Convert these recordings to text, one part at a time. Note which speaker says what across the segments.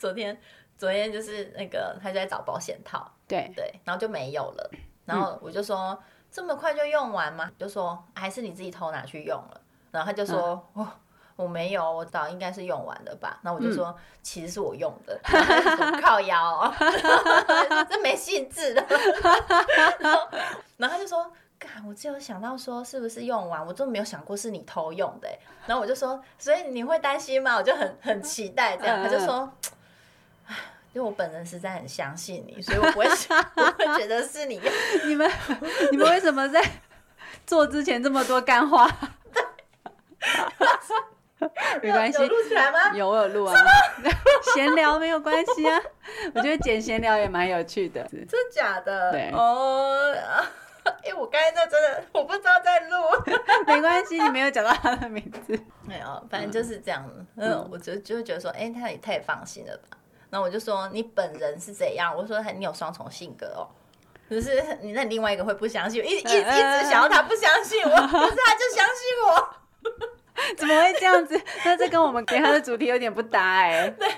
Speaker 1: 昨天，昨天就是那個，他就在找保險套，對對，然後就沒有了。然後我就說，嗯、這麼快就用完嗎？就說還是你自己偷拿去用了。然後他就說，嗯哦。我沒有，我早應該是用完的吧。那我就說，嗯，其實是我用的，靠腰，這沒性質的。然後他就說，我只有想到說是不是用完，我就沒有想過是你偷用的，欸。然後我就說，所以你會擔心嗎？我就很很期待這樣。嗯嗯，他就說，哎，因為我本人實在很相信你，所以我不會想，不會覺得是你。 你們你們為什麼在做之前這麼多幹話？
Speaker 2: 沒關係，有錄起來嗎？有，我有錄啊。閒 聊沒有關係啊，我覺得剪閒聊也蠻有趣的。真
Speaker 1: 的假的？對哦，哎、oh, 欸，我剛才那真的，我不知道在錄。 沒關係，你沒有講到他的名字，沒 有、嗯，反正就是這樣子。嗯，我就就會覺得說，哎、欸，他也太放心了吧？那我就說你本人是怎樣？我說你有雙重性格哦、喔，可、就是那你那另外一個會不相信，一一,一直想要他不相信我，不、哎呃、 是他就相信我。 怎麼會這樣子？那這跟我們給他的主題有點不搭哎、欸。 對，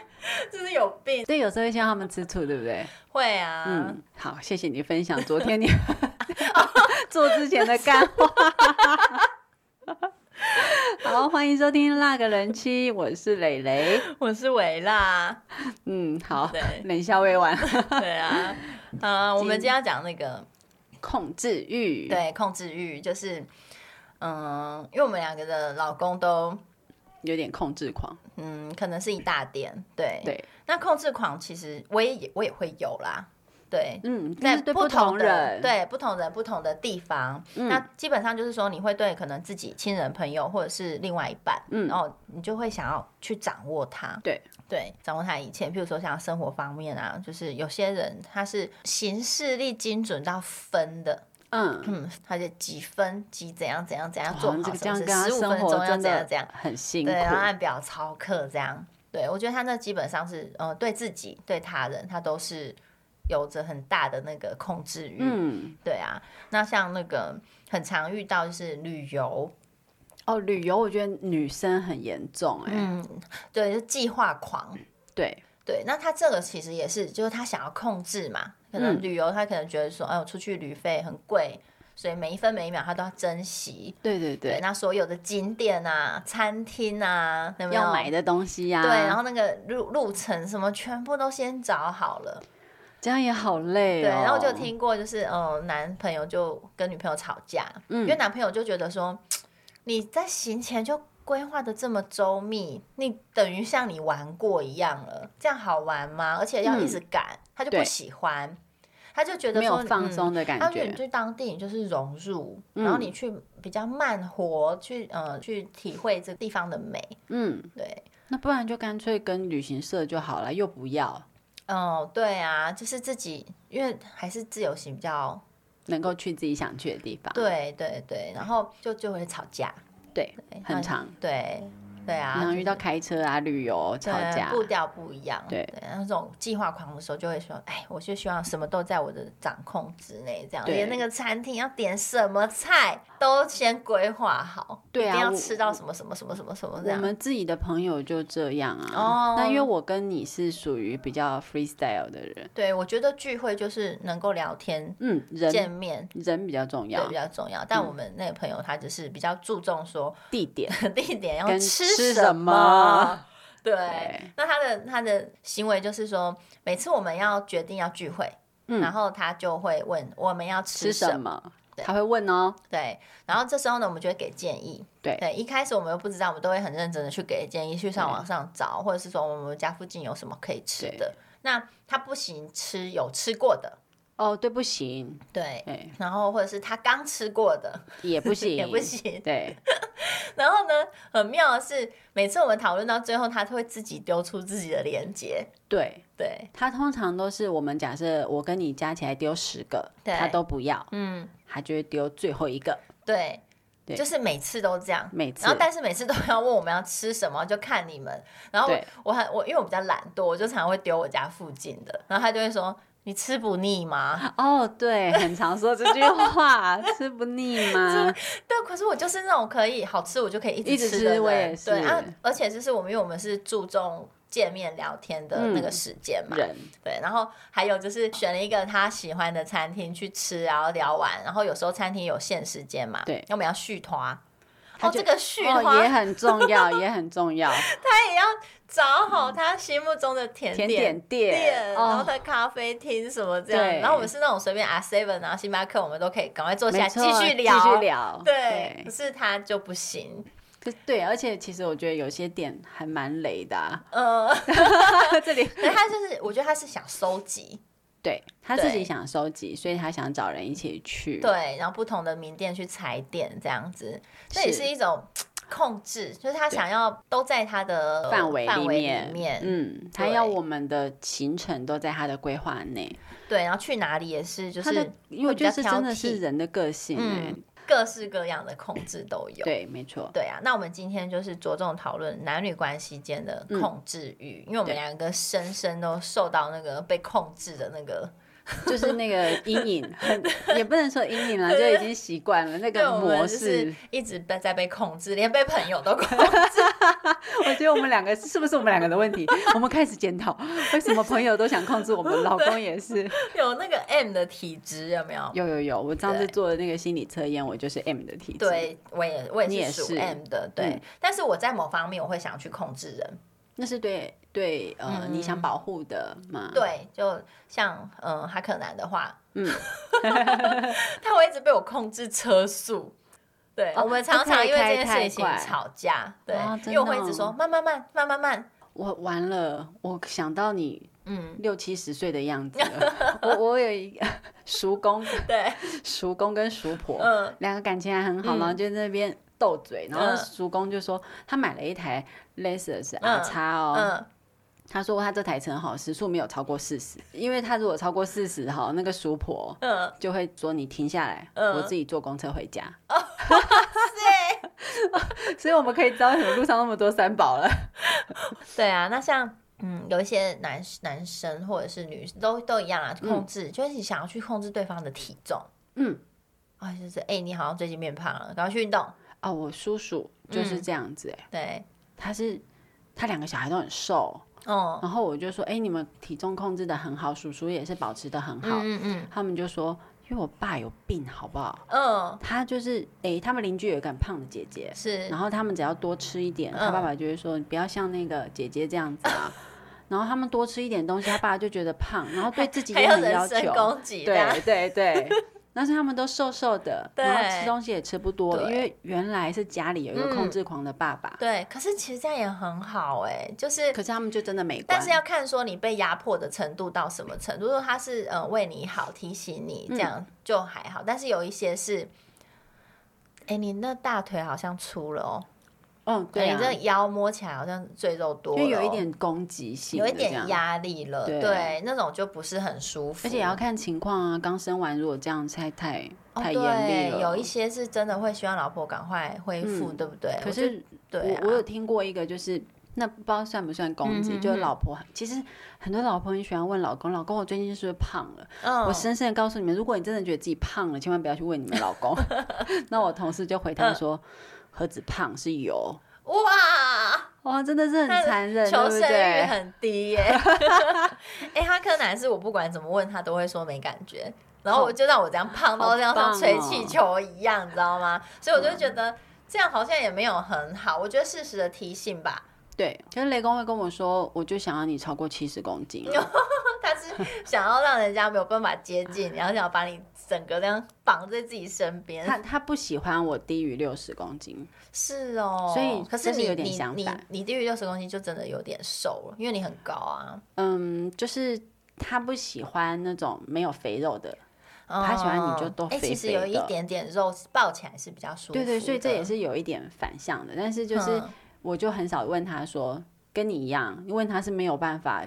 Speaker 1: 不、就是有
Speaker 2: 病。所以有時候會希望他們吃醋，對不對？
Speaker 1: 會啊。嗯，
Speaker 2: 好，謝謝你分享昨天
Speaker 1: 你 做之前的幹
Speaker 2: 話 好，歡迎收聽《辣個人妻》，我是蕾蕾，
Speaker 1: 我是維辣。嗯，好。冷笑未完。 對啊。啊，我們今天要講那個控制慾。對，控制慾就是。嗯，因為我們兩個的老公都有點控制狂，嗯，可能是一大點，對對。那控制狂其實我也我也會有啦，對，嗯，那不同人不同對不同人不同的地方，嗯，那基本上就是說你會對可能自己親人朋友或者是另外一半，嗯，然後你就會想要去掌握他，對，對掌握他以前，譬如說像生活方面啊，就是有些人他是行事力精準到分的。嗯，嗯他就幾分幾怎樣怎樣怎樣、哦、做好什麼事十五分鐘要這樣這樣，樣，樣，真的很辛苦。對，然後按表操課這樣。對，我覺得他那基本上是，呃，對自己對他人，他都是有着很大的那個控制欲。嗯，對啊。那像那個很常遇到就是旅遊，哦，旅遊我覺得女生很嚴重、欸，哎，嗯，對，就計劃狂、嗯，對。對，那他這個其實也是，就是他想要控制嘛。可能旅遊，他可能覺得說，嗯、哎呦，我出去旅費很貴，所以每一分每一秒他都要珍惜。對對對。對那所有的景點啊，餐廳啊，有沒有？要買的東
Speaker 2: 西呀、啊。對，然後那
Speaker 1: 個路路程什麼，全部都先找好了。這樣也好累、哦。對，然後就聽過，就是嗯，男朋友就跟女朋友吵架，嗯，因為男朋友就覺得說，你在行前就。規劃的這麼周密，你等於像你玩過一樣了，這樣好玩嗎？而且要一直趕、嗯，他就不喜歡，他就覺得沒有放鬆的感覺。嗯、他覺得去當地，你就是融入、嗯，然後你去比較慢活，去呃去體會這地方的美。
Speaker 2: 嗯，對。那不然就乾脆跟旅行社就好了，
Speaker 1: 又不要。哦、嗯，對啊，就是自己，因為還是自由行比較能夠去自己想去的地方。對對對，然後就就會吵架。對，很長。對。對啊，然後
Speaker 2: 遇到開車啊、就是、旅遊、啊、吵架，啊、步
Speaker 1: 調不一樣。對，對那種計劃狂的時候就會說：“哎，我就希望什麼都在我的掌控之內，這樣對連那個餐廳要點什麼菜都先規劃好對、啊，一定要吃到什麼什麼什麼什麼什麼，什麼這樣。我”我們
Speaker 2: 自己的朋友就這樣啊。哦、oh，那因為我跟你是屬於比較 freestyle 的人，
Speaker 1: 對我覺得聚會就是能夠聊天，嗯，
Speaker 2: 人見面人比較重要，對，比較
Speaker 1: 重要。嗯、但我們那個朋友他只是比較注重說地點， 地點要吃。吃什，吃什麼？對，對那他的他的行為就是說，每次我們要決定要聚會，嗯、然後他就會問我們要吃什麼，吃什麼對，他會問哦，對。然後這時候呢，我們就會給建議，嗯、對一開始我們又不知道，我們都會很認真的去給建議，去上網上找，或者是說我們家附近有什麼可以吃的。那他不行吃，吃有吃過的。哦，對，不行對。對，然後或者是他剛吃過的也不行， 也不行。對， 然後呢？很妙的是，每次我們討論到最後，他都會自己丟出自己的連結。
Speaker 2: 對對，他通常都是我們假設我跟你加起來丟十個對，他都不要。嗯，他就會丟最後一個
Speaker 1: 對。對，就是每次都這樣。每次，然後但是每次都要問我們要吃什麼，就看你們。然後我我還我因為我比較懶惰，我就常常會丟我家附近的。然後他就會說。你吃不膩嗎？哦，對，很常說這句話， 吃不膩嗎？對，可是我就是那種可以好吃，我就可以一直吃，直吃對，對，對，啊而且就是我們，因為我們是注重見面聊天的那個時間嘛、嗯，對。然後還有就是選了一個他喜歡的餐廳去吃，然後聊完，然後有時候餐廳有限時間嘛，對，我們要續攤、啊。
Speaker 2: 哦，這個序、哦、也很重
Speaker 1: 要，也很重要。 他也要找好他心目中的甜點、嗯、甜點店、店，然後在咖啡廳什麼這樣、哦。然後我們是那種隨便啊 seven 啊星巴克，我們都可以趕快坐下繼續聊，繼續聊對。對，可是他就不行。
Speaker 2: 對，而且其實我覺得有些點還蠻雷的、啊。
Speaker 1: 嗯， 這裡他就是，我覺得他是想收集。
Speaker 2: 對，他自己想收集，所以他想找人一起去。對，
Speaker 1: 然後不同的名店去踩點，這樣子，這也是一種控制，就是他想要都在他的範圍範圍，裡面。
Speaker 2: 嗯，他要我們的行程都在他的規劃內。
Speaker 1: 對，然後去哪裡也是，就是他的，因為我覺得這真的是人
Speaker 2: 的個性，欸。嗯
Speaker 1: 各式各樣的控制都有，對，沒錯，對啊。那我們今天就是着重討論男女關係間的控制欲，嗯，因為我們兩個深深都受到那個被控制的那個。
Speaker 2: 就是那個陰
Speaker 1: 影很 ，
Speaker 2: 也不能說陰影了，就已經習慣了那個模式，
Speaker 1: 一直在被控制，連被朋友都控
Speaker 2: 制。 我覺得我們兩個是不是我們兩個的問題？ 我們開始檢討， 為什麼朋友都想控制我們？ 老公也
Speaker 1: 是，有那個 M 的體質有沒有？有
Speaker 2: 有有，我上次做的那個心理測驗，我就是 M 的體質。對，
Speaker 1: 我也我也是屬 M 的。你也是，對，嗯，對。但是我在某方面我會想去控制人，那是對。對，呃，嗯、你想保護的嘛？對，就像呃，哈克南的話，嗯， 他會一直被我控制車速。對，哦、我們常常因為這件事情吵架。哦、對，又、哦、會一直說
Speaker 2: 慢慢慢慢慢慢。我完了，我想到你，嗯，六七十歲的樣子。我我有一個叔公， 對，叔公跟叔婆，嗯，兩個感情還很好嘛，就在那邊鬥嘴，然後叔、嗯、公就說他買了一台 Lexus RX。哦。嗯嗯他說他這台車很好，時速沒有超過四十，因為他如果超過四十哈，那個叔婆就會說，你停下來，uh, uh. 我自己坐公車回家。Oh,
Speaker 1: 所以我們可以知道什麼路上那麼多三寶了。 對啊，那像嗯有一些男男生或者是女生都都一樣、啊、控制、嗯、就是你想要去控制對方的體重，嗯，啊就是哎你好像最近變胖了，趕快去運動哦，我叔叔就是這
Speaker 2: 樣子、欸，哎、嗯，對，他是他兩個小孩都很瘦。哦、oh.，然後我就說，哎、欸，你們體重控制得很好，叔叔也是保持得很好。嗯嗯，他們就說，因為我爸有病，好不好？嗯、oh.，他就是，哎、欸，他們鄰居有一個很胖的姐姐，是，然後他們只要多吃一點，oh. 他爸爸就會說，你不要像那個姐姐這樣子啊。Oh. 然後他們多吃一點東西，他爸就覺得胖， 然後對自己也很要求要對對對。 但是他們都瘦瘦的，然後吃東西也吃不多，因為原來是家裡有一個控制狂的爸爸。嗯、
Speaker 1: 對，可是其實這樣也很好。哎、欸，就是。可是他們就真的沒關係。但是要看說你被壓迫的程度到什麼程度。如果他是呃為你好，提醒你這樣就還好、嗯。但是有一些是，哎、欸，你那大腿好像粗了哦。嗯、哦，對、啊欸，你這個腰摸起來好像贅肉多。哦，就有一點攻擊性，有一點壓力了對，對，那種就不是很舒服。而且也要
Speaker 2: 看情況啊，剛生完如果這樣才太、哦、太太嚴厲對，有一
Speaker 1: 些是真的會希望老婆趕快恢復、嗯，對不對？可是，
Speaker 2: 對、啊我，我有聽過一個，就是那不知道算不算攻擊、嗯嗯嗯，就是老婆很其實很多老婆也喜歡問老公：“老公，我最近是不是胖了？”嗯、我深深的告訴你們，如果你真的覺得自己胖了，千萬不要去問你們老公。 那我同事就回答說。嗯何止胖，是油哇哇，真的是很殘忍，求生欲很
Speaker 1: 低耶、欸。哎、 欸,他柯南是我不管怎麼問他都會說沒感覺，然後我就讓我這樣胖到這樣像吹氣球一樣，你、哦哦，知道嗎？所以我就覺得這樣好像也沒有很好。嗯、我覺得適時的提醒吧。
Speaker 2: 對，可是雷公會跟我說，我就想要你超過七十公斤。
Speaker 1: 他 是想要讓人家沒有辦法接近，嗯、然後想要把你。整個那樣綁在自己身邊，他
Speaker 2: 他不喜歡我低於六十公斤，
Speaker 1: 是哦，所以這是，可是你有點想法，你你，你低於六十公斤就真的有點瘦了，因為你很高啊。
Speaker 2: 嗯，就是他不喜歡那種沒有肥肉的，嗯、他喜歡你就多肥，肥的。欸，其實有一點
Speaker 1: 點肉抱起來是比較舒服的。對對，所以這也
Speaker 2: 是有一點反向的，但是就是我就很少問他說跟你一樣，問他是沒有辦法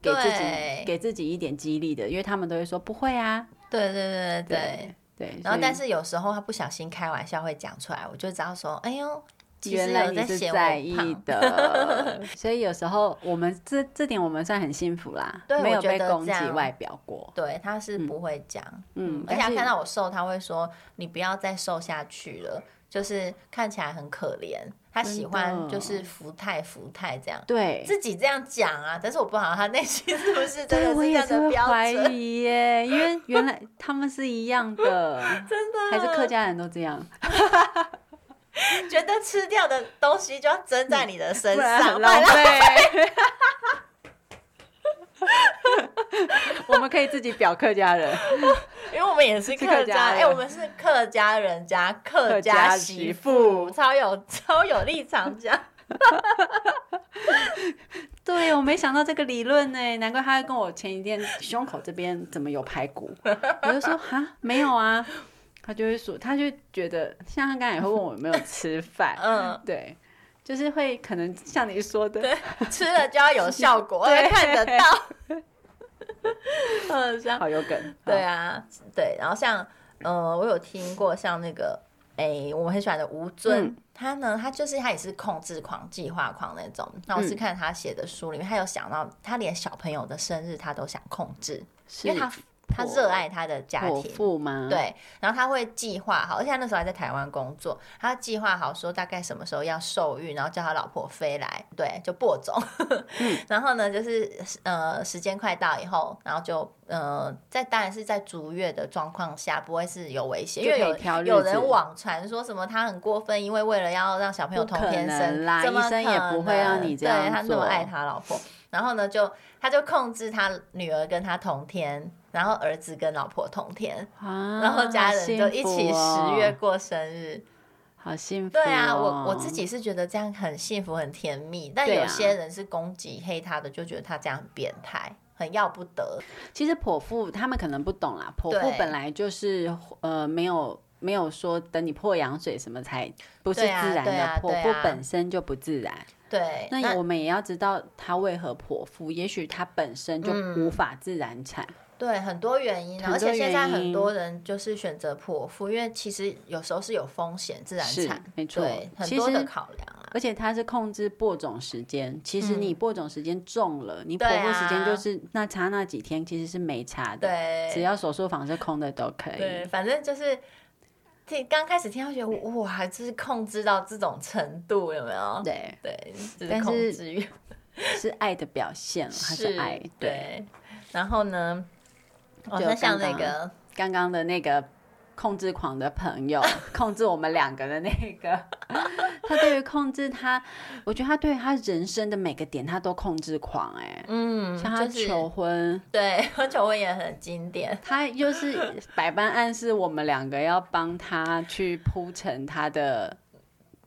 Speaker 2: 給自己給自己一點激勵的，因為他們都會說不會啊。
Speaker 1: 對對對對對，對，然後但是有時候他不小心開玩笑會講出來，我就知道說，哎呦，其實有在寫我在意的，
Speaker 2: 所以有時候我們這這點我們算很幸福啦，對，沒有被攻擊外表過。
Speaker 1: 對，他是不會講，嗯，嗯，而且他看到我瘦，他會說你不要再瘦下去了，就是看起來很可憐。他喜歡就是福泰福泰這樣，對自己這樣講啊，但是我不好，他內心是不是真的是這樣的標準？
Speaker 2: 懷疑耶，因為原來他們是一樣的，
Speaker 1: 真的還是客家人都這
Speaker 2: 樣， 覺
Speaker 1: 得吃掉的東西就要蒸在你的身上對
Speaker 2: 我們可以自己表客家人，
Speaker 1: 因為我們也是客家，客家人。哎、欸，我們是客家人加客家媳婦，超有超有立場講。
Speaker 2: 對，我沒想到這個理論呢，難怪他會跟我前一天胸口這邊怎麼有排骨。 我就說哈，沒有啊。他就會說，他就覺得，像他剛才也會問我有沒有吃飯。 嗯，對。
Speaker 1: 就是會可能像你說的，對 對，吃了就要有效果，要看得到。對 好有梗。 對啊，對。然後像呃，我有聽過像那個哎、欸，我很喜歡的吳尊、嗯，他呢，他就是他也是控制狂、計劃狂那種。那我是看他寫的書裡面、嗯，他有想到他連小朋友的生日他都想控制，是因為他。他熱愛他的家庭父，對，然後他會計劃好，而且他那時候還在台灣工作，他計劃好說大概什麼時候要受孕，然後叫他老婆飛來，對，就播種。 嗯、然後呢，就是呃，時間快到以後，然後就呃，在當然是在足月的狀況下，不會是有危險，因為有有人網傳說什麼他很過分，因為為了要讓小朋友同天生，不可能啦，怎麼可能，醫生也不會讓你這樣。對，他那麼愛他老婆，然後呢，就他就控制他女兒跟他同天。然後兒子跟老婆同天，
Speaker 2: 啊、然後家人都一起十月
Speaker 1: 過生日，好幸福，哦。對啊，哦、我我自己是覺得這樣很幸福很甜蜜，但有些人是攻擊黑他的，啊、就覺得他這樣很變態，很要不得。其實剖腹他們可能不懂啦，剖腹本來就是
Speaker 2: 呃沒有沒有說等你破羊水什麼才不是自然的，啊啊啊、剖腹本身就不自然。
Speaker 1: 對，那，那
Speaker 2: 我們也要知道她為何剖腹，也許她本身就無法自然產。嗯
Speaker 1: 對很，很多原因，而且現在很多人就是選擇剖腹，因為其實有時候是有風險，自然產沒錯，很多的考量
Speaker 2: 啊。而且它是控制播種時間，其實你播種時間重了，嗯、你剖腹時間就是那差那幾天，其實是沒差的，對、啊，只要手術房是空的都可以。對，
Speaker 1: 反正就是聽剛開始聽到覺得，哇，還、就是控制到這種程度，有沒有？對對、就是控制，但是 是愛的表現，還是愛是對？對，然後呢？就剛剛、哦、那像
Speaker 2: 那個剛剛的那個控制狂的朋友， 控制我們兩個的那個，他對於控制他，我覺得他對於他人生的每個點，他都控制狂哎、欸。
Speaker 1: 嗯，像他求
Speaker 2: 婚、
Speaker 1: 就是，對，求婚也很經典。
Speaker 2: 他又是百般暗示我們兩個要幫他去鋪陳他的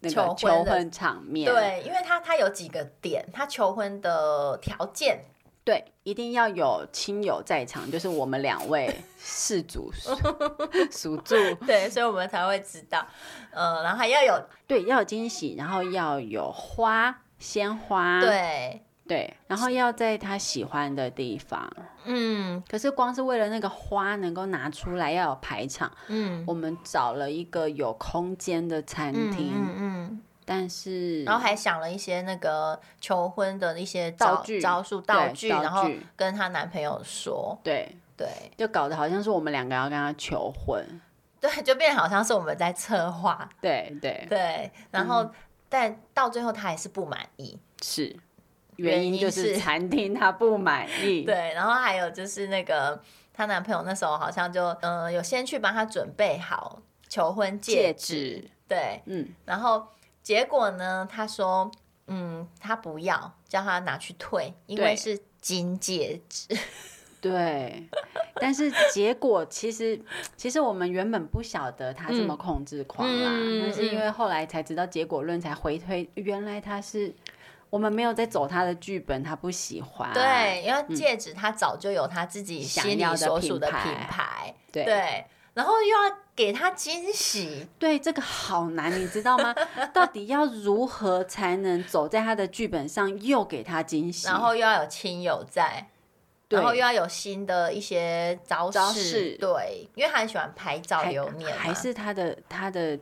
Speaker 1: 那個求婚
Speaker 2: 場面， 對，因
Speaker 1: 為他他有幾個點，他求婚的條件。對，
Speaker 2: 一定要有親友在場，就是我們兩位事主、屬 士族 屬住，
Speaker 1: 對，所以我們才會知道，呃，然後還要有
Speaker 2: 對，要有驚喜，然後要有
Speaker 1: 花，鮮花，對
Speaker 2: 對，然後要在他喜歡的地方，嗯，可是光是為了那個花能夠拿出來，要有排場，嗯，我們找了一個有空間的餐廳，嗯。嗯嗯但是，然後還
Speaker 1: 想了一些那個求婚的一些招道具招數道具，然後跟她男朋友說，對
Speaker 2: 對，就搞得好像是我們兩個要跟她求婚，
Speaker 1: 對，就變好像是我們在策劃，對對對。然後、嗯，但到最後他還是不滿意，是
Speaker 2: 原因就是餐
Speaker 1: 廳他不滿意。對，然後還有就是那個她男朋友那時候好像就嗯、呃，有先去幫她準備好求婚戒指，戒指，對，嗯，然後。結果呢？他說：“嗯，他不要，叫他拿去退，因為是金戒指。對”
Speaker 2: 對。但是結果其實，其實我們原本不曉得他這麼控制狂啦，那、嗯嗯嗯、是因為後來才知道結果論才回推，原來他是我們沒有在走他的劇本，他不喜歡。對，
Speaker 1: 因為戒指他早就有他自己想要所屬的品牌，想要的品牌，對，對。然後又要。給他驚喜，對，這個好難，你知道嗎？ 到底要如
Speaker 2: 何才能走在他的劇本上，又給他驚喜，然後又要
Speaker 1: 有親友在，然後又要有新的一些招式，對，因為他很喜歡拍照留念，還
Speaker 2: 是他的他的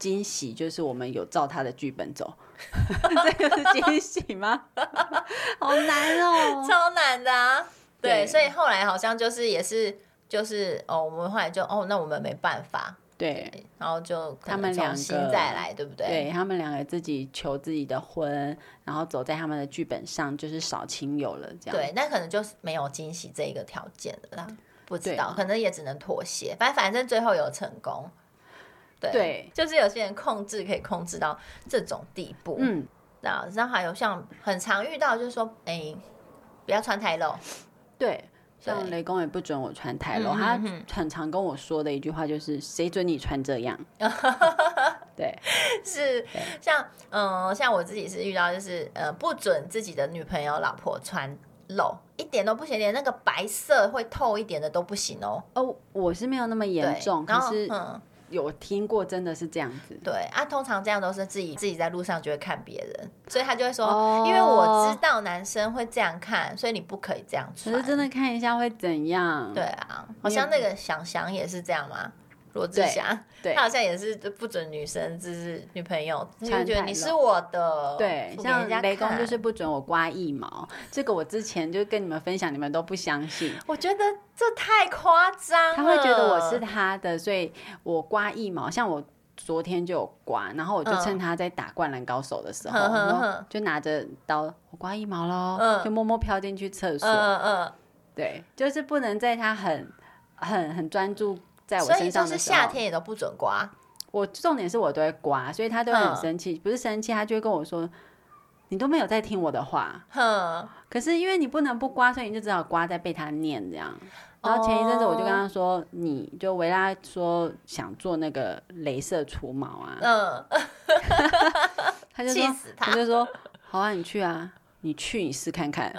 Speaker 2: 驚喜就是我們有照他的劇本走，
Speaker 1: 這個是驚喜嗎？ 好難哦，超難的啊，啊。對，所以後來好像就是也是。就是哦，我們後來就哦，那我們沒辦法，對，對，然後就他們兩個再來，對不對？對，他
Speaker 2: 們兩個自己求自己的婚，然後走在他們的劇本上，就是少親友了這樣。對，那可
Speaker 1: 能就是沒有驚喜這一個條件了啦，不知道，可能也只能妥協。反正反正最後有成功，
Speaker 2: 對，對，
Speaker 1: 就是有些人控制可以控制到這種地步，嗯，那然後還有像很常遇到，就是說，哎，不要穿太露，對。
Speaker 2: 像雷公也不准我穿太露，嗯哼哼，他很常跟我說的一句話就是：誰准你穿這樣？ 對，
Speaker 1: 對，是像嗯，像我自己是遇到就是呃，不准自己的女朋友、老婆穿露，一點都不行，連那個白色會透一點的都不行哦。哦，我是沒有那麼嚴重，可是嗯。有聽過，真的是這樣子。對啊，通常這樣都是自己自己在路上就會看別人，所以他就會說，oh, 因為我知道男生會這樣看，所以你不可以這樣穿。
Speaker 2: 可是真的看一下會怎樣？對啊，好像，像那個
Speaker 1: 想想也是這樣嗎？
Speaker 2: 羅志祥，對，他好像也
Speaker 1: 是不准女生就是女朋友，就覺得你是我的。對，像人家，雷公就是
Speaker 2: 不准我刮腋毛。 這個我之前就跟你們分享，你們都不相信。
Speaker 1: 我覺得這太誇張。他會覺得我是他
Speaker 2: 的，所以我刮腋毛。像我昨天就有刮，然後我就趁他在打灌籃高
Speaker 1: 手的時候，嗯、
Speaker 2: 就拿着刀，我刮腋毛嘍、嗯，就默默飄進去廁所、
Speaker 1: 嗯。
Speaker 2: 對，就是不能在他很很很專注。在我身上甚至夏天
Speaker 1: 也都不准刮，
Speaker 2: 我重點是我都會刮，所以他都會很生氣。不是生氣，他就會跟我說，你都沒有在聽我的話。可是因為你不能不刮，所以你就只好刮在被他念這樣。
Speaker 1: 然後前一陣子我就跟他說，
Speaker 2: 你就維拉說想做那個雷射除毛啊，嗯，他就說，他就說，好啊，你去啊，你去你試看看。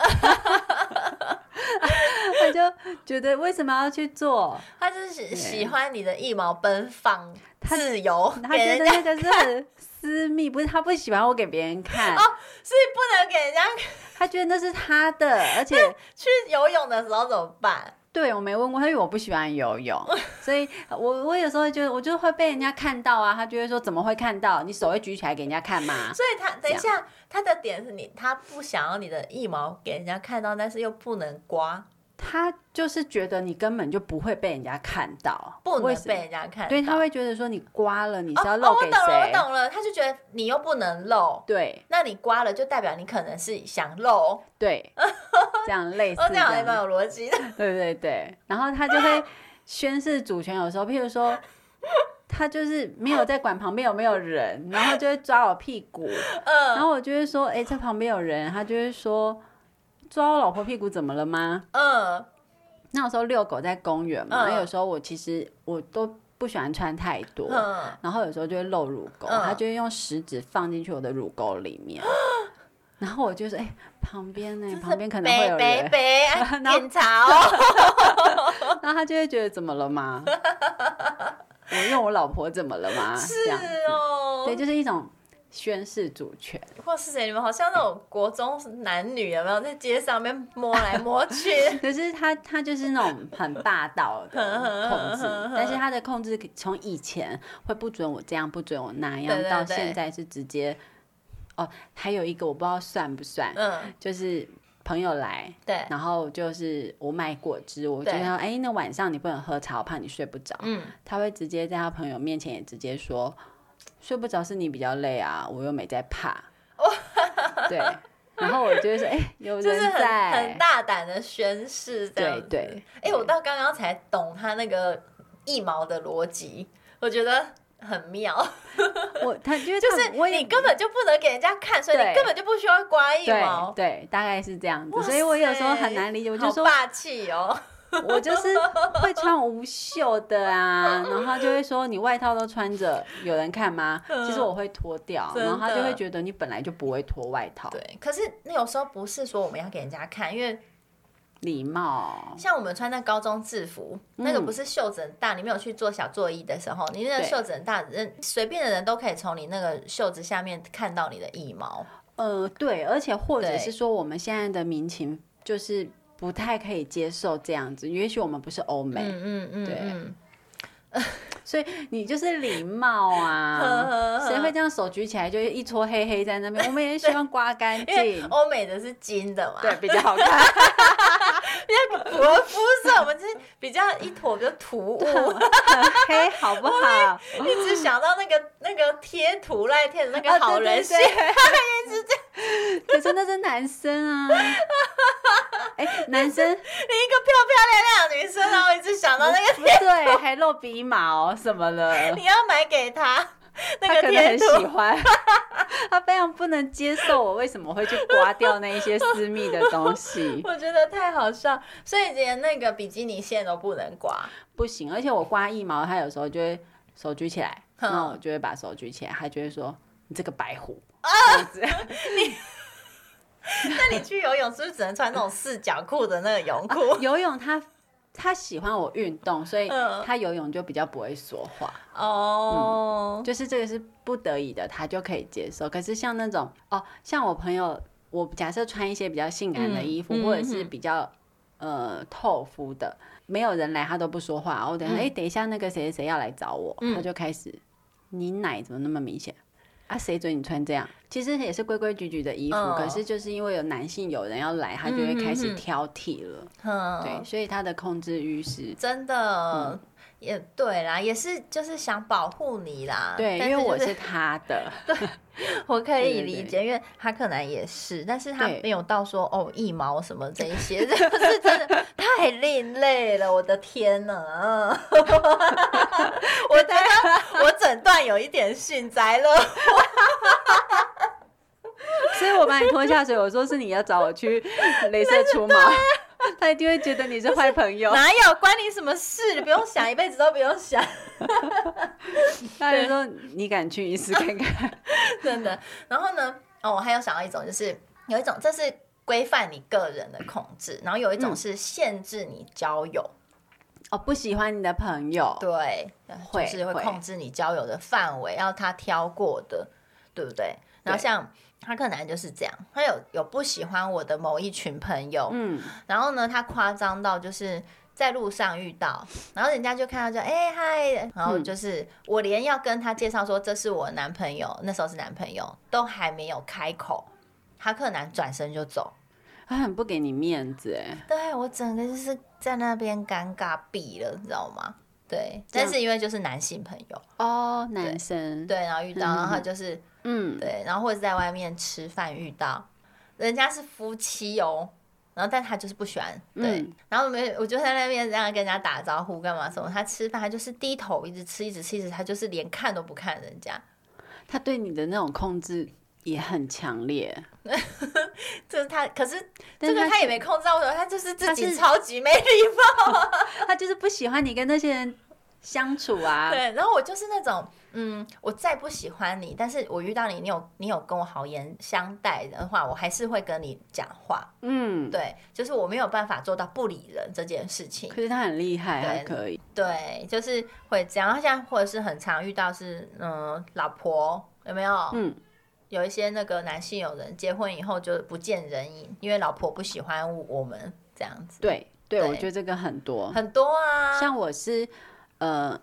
Speaker 2: 就覺得為什麼要去做？
Speaker 1: 他就是喜，喜歡你的腋毛奔放、
Speaker 2: 自由他。他覺得那個是很私密，不是，他不喜歡我給別人看
Speaker 1: 哦，所以不能給人家看。他覺得那是他的，而且去游泳的時候怎麼辦？
Speaker 2: 對，我沒問過，他因為我不喜歡游泳，
Speaker 1: 所以我
Speaker 2: 我有時候覺得我就會被人家看到啊。他覺得說怎麼會看到？你手會舉起來給人家看嘛。所以他
Speaker 1: 等一下，他的點是你，他不想要你的腋毛給人家看到，但是又不能刮，
Speaker 2: 他就是覺得你根本就不會被人家看到，不能被人
Speaker 1: 家看到，對，他
Speaker 2: 會覺得說你刮了你是要露給誰？哦哦，我懂
Speaker 1: 了，他就覺得你又不能露，對，那你刮了就代表你可能是想露，對， 這樣類似，
Speaker 2: 對，
Speaker 1: 對對對。
Speaker 2: 然後他就會宣示主權，有時候， 譬如說，他就是沒有在管旁邊有沒有人，然後就會抓我屁股， 嗯、然後我就會說，哎、欸，這旁邊有人，他就會說。抓我老婆屁股怎麼了嗎？嗯，那時候遛狗，在公園嘛，那、嗯、有時候我其實我都不喜歡穿太多，嗯，然後有時候就會露乳溝，他、嗯、就會用食指放進去我的乳溝裡面，嗯，然後我就說哎、欸，旁邊呢、欸，旁邊可能會有人，檢查哦，然後他就會覺得怎麼了嗎？ 我用我老婆怎麼了嗎？
Speaker 1: 是哦，對，就
Speaker 2: 是一種。宣示主權，
Speaker 1: 或是誰？你們好像那種國中男女有沒有在街上面摸來摸去？ 可是他他就是那種很霸道的控制， 但是他的控
Speaker 2: 制從以前會不准我這樣，不准我那樣，對對對到現在是直接對對對。哦，還有一個我不知道算不算，嗯、就是朋友來，然後就是我買果汁，我就想說，哎、欸，那晚上你不能喝茶，我怕你睡不着、嗯。他會直接在他朋友面前也直接說。睡不着是你比較累啊，我又沒在怕， 對。然後我就說哎、欸，有人在，就是很，很
Speaker 1: 大膽的宣誓這樣子，對對。哎、欸，我到剛剛才懂他那個一毛的邏輯，我覺得很妙。 我他覺得他，就是你根本就不能給人家看，所以你根本就不需要刮一毛，對，
Speaker 2: 對大概是這樣子。所以我有時候很難理解，我就說霸
Speaker 1: 氣哦。
Speaker 2: 我就是會穿無袖的啊，然後他就會說你外套都穿着，有人看嗎？其實我會
Speaker 1: 脫掉然會會， 然後他就會覺
Speaker 2: 得你本來就不會脫外套。對，
Speaker 1: 可是那有時候不是說我們要給人家看，因為禮貌。像我們穿在高中制服，那個不是袖子很大，嗯、你沒有去做小作揖的時候，你那個袖子很大，人隨便的人都可以從你那個袖子下面看到你的腋毛。
Speaker 2: 呃，對，而且或者是說我們現在的民情就是。不太可以接受這樣子，也許我們不是歐美，嗯嗯嗯，對。嗯 所以你就是禮貌啊，誰 會這樣手舉起來就一撮黑黑
Speaker 1: 在那邊？ 我們也希望刮乾淨。歐美的是金的嘛， 對，比較好看。 比較不 我們膚色，我們就是比較一坨就突兀很黑好不好我？一直想到那個 那個貼圖那天的那個好人是、 哦、對 一直這樣。 可是那是男生啊，哎、 欸，
Speaker 2: 男生，
Speaker 1: 你一個漂漂亮亮的女生然後一直想到那個 不對。
Speaker 2: 還露鼻。毛什麼的，你
Speaker 1: 要買給他那個，他可能很喜
Speaker 2: 歡。 他非常不能接受我為什麼會去刮掉那一些私密的東西，
Speaker 1: 我覺得太好笑，所以連那個比基尼線都不能刮，
Speaker 2: 不行。而且我刮一毛，他有時候就會手舉起來，然 後我就會把手舉起來，他就會說：“你這個白虎。”
Speaker 1: 啊，你，那你去游泳是不是只能穿那種四角褲的那個
Speaker 2: 泳褲？ 啊、游泳他。他喜歡我運動，所以他游泳就比較不會說話哦、呃嗯。就是這個是不得已的，他就可以接受。可是像那種哦，像我朋友，我假設穿一些比較性感的衣服，嗯、或者是比較呃透膚的、嗯，沒有人來他都不說話。我等下說，哎、嗯欸，等一下那個誰誰誰要來找我，他就開始，你奶怎麼那麼明顯？啊，誰准你穿這樣？其實也是規規矩矩的衣服，Oh. 可是就是因為有男性有人要來，他就會開始挑剔了。
Speaker 1: Mm-hmm. 對，Oh. 所以他的控制欲是真的。嗯。也對啦，也是就是想保護你啦。對是、就是，因為我是他的， 對，對，對我可以理解對對對，因為他可能也是，但是他沒有到說哦一毛什麼這一些，這 是真的太另類了，我的天吶、啊， 我覺真得的 我整段有一點幸災樂禍。
Speaker 2: 所以我把你拖下水， 我說是你要找我去鐳射除毛？ 啊、 他一定會覺得你是壞朋友。 哪有
Speaker 1: 關你什麼事？你不用想，一輩子都不用想。 他就也說：“ 對 你敢去一次
Speaker 2: 看看
Speaker 1: 啊？”真的。然後呢？哦，我還有想到一種，就是有一種這是規範你個人的控制、嗯，然後有一種是限制你交友。嗯、哦，不喜歡你的朋友，對，就是會控制你交友的範圍，要他挑過的，對不對？然後像。哈克南就是這樣，他有有不喜歡我的某一群朋友，嗯，然後呢，他誇張到就是在路上遇到，然後人家就看到就哎、欸、嗨、嗯，然後就是我連要跟他介紹說，這是我男朋友，那時候是男朋友，都還沒有開口，哈克南轉身就走，
Speaker 2: 他很不給你面子哎，
Speaker 1: 對，我整個就是在那邊尷尬斃了，你知道嗎？對，但是因為就是男性朋友哦，男生對，對，然後遇到然後就是。嗯嗯，對，然後或者在外面吃飯遇到，人家是夫妻喲，然後但他就是不喜歡，對，嗯、然後我我就在那邊讓他跟人家打招呼幹嘛什麼，他吃飯他就是低頭一直吃一直吃一直，他就是連看都不看人家，
Speaker 2: 他對你的那種控制也很強烈， 就
Speaker 1: 是他，可是，是這個他也沒控制到我，他就是自己超級沒禮貌，哦，他就是不喜歡你跟那些人相處啊， 對，然後我就是那種。嗯，我再不喜歡你，但是我遇到你，你有你有跟我好言相待的話，我還是會跟你講話。嗯，對，就是我沒有辦法做到不理人這件事情。可是他很厲害，還可以。對，就是會這樣。他現在或者是很常遇到是，嗯、呃，老婆有沒有？嗯，有一些那個男性友人結婚以後就不見人影，因為老婆不喜歡我們這樣子。
Speaker 2: 對，對，對，我覺得這個很多很多啊。像我是，呃。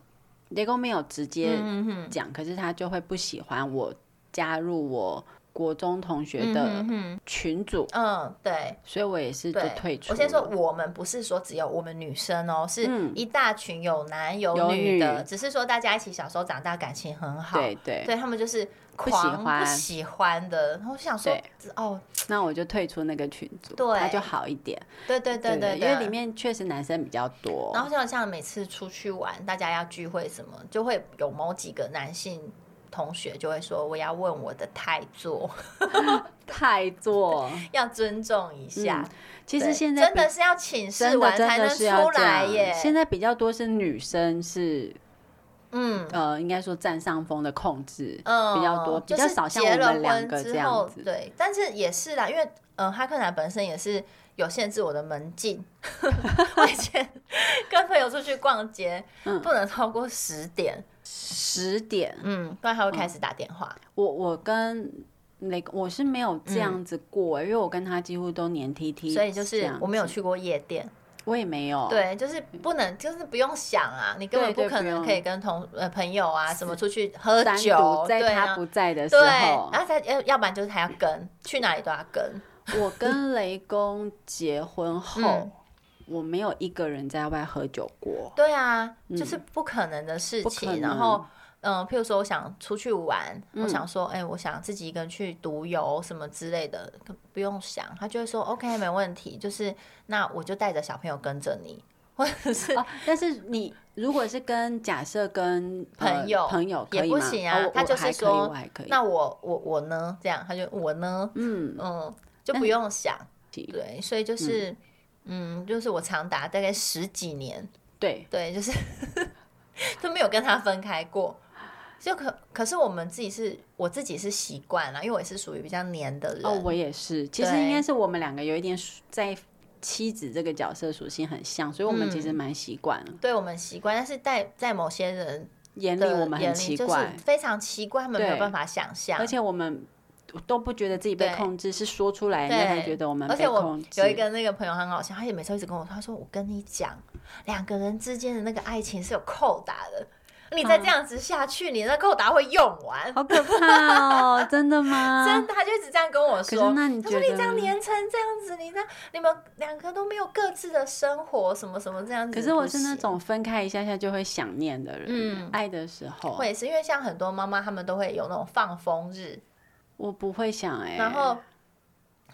Speaker 2: 雷公沒有直接講，嗯，可是他就會不喜歡我加入我。國中同學的群組、嗯嗯，嗯，對，所以我也是就退出對。我先說，
Speaker 1: 我們不是說只有我們女生哦、喔，是一大群有男有女的，嗯有女，只是說大家一起小時候長大，感情很好，對對，對他們就是狂不喜歡，不喜歡的。然後我想說，哦、喔，
Speaker 2: 那我就退出那個群組，對，那就好一點。對
Speaker 1: 對對對，對，對，對，因為裡面
Speaker 2: 確實男生比較多。然後
Speaker 1: 像像每次出去玩，大家要聚會什麼，就會有某幾個男性。同學就會說：“我要問我的太座， 太座做 要尊重一下。嗯、其實現在真的是要請示完才能出來耶。真的真的現
Speaker 2: 在比較多是女生是，
Speaker 1: 嗯呃，應
Speaker 2: 該說佔上風的控制，嗯比較多，就是、比較少像我們兩個這樣子，結了婚之後。
Speaker 1: 對，但是也是啦，因為嗯、呃，哈克蘭本身也是有限制我的門禁，以 前 跟朋友出去逛街，嗯、不能超過十點。”十點，嗯，不然他會開始打電話。嗯、我我跟
Speaker 2: 雷公，我是沒有這樣子過、嗯，因為我跟他幾乎都黏 T T，所以就是我沒有去過夜店，我也沒有。對，
Speaker 1: 就是不能，就是不用想啊，你根本不可能對對對不用、可以跟同呃朋友啊什麼出去喝酒，在他不在的時候，時候啊、然後他要要不然就是他要跟、嗯、去哪裡都要跟。 我跟雷公結婚後。嗯
Speaker 2: 我沒有一個人在外喝酒過。
Speaker 1: 對啊、嗯，就是不可能的事情。然後，嗯、呃，譬如說我想出去玩，嗯、我想說，哎、欸，我想自己一個人去獨遊什麼之類的，不用想，他就會說 OK， 沒問題。就是那我就帶着小朋友跟着你，
Speaker 2: 或者是，啊、但是你如果是跟假設跟朋友、呃、朋友可以也不行啊、哦，他就是說，我，我
Speaker 1: 那我我我呢這樣，他就我呢嗯，嗯，就不用想，對，所以就是。嗯嗯，就是我長達大概十幾年，對對，就是 都沒有跟他分開過，就可可是我們自己是，我自己是習慣了，因為我也是屬於比較黏的人哦，我也
Speaker 2: 是，其實應該
Speaker 1: 是我們兩個有一點在妻子這個
Speaker 2: 角色屬性很像，所以我們其實蠻習慣了，
Speaker 1: 對我們習慣，但是在在某些人眼裡我們很奇怪，眼裡就是非常奇怪，他們沒有辦法想象，而且
Speaker 2: 我們。都不覺得自己被控制，是說出來讓他覺得我們被控制。而且我有一
Speaker 1: 個那個朋友很好笑，他也每次一直跟我說他說：“我跟你講，兩個人之間的那個愛情是有扣打的，啊、你再這樣子下去，你的扣打會用完，好可怕哦！ 真的嗎？真的，他就一直這樣跟我說。那你他說你這樣黏成這樣子，你那你們兩個都沒有各自的生活，什麼什麼這樣子。可是我是那
Speaker 2: 種分開一下下就會想念的人，嗯，愛的時候會
Speaker 1: 是因為像很多媽媽他們都會有那種放風日。”我不會想哎、欸，然後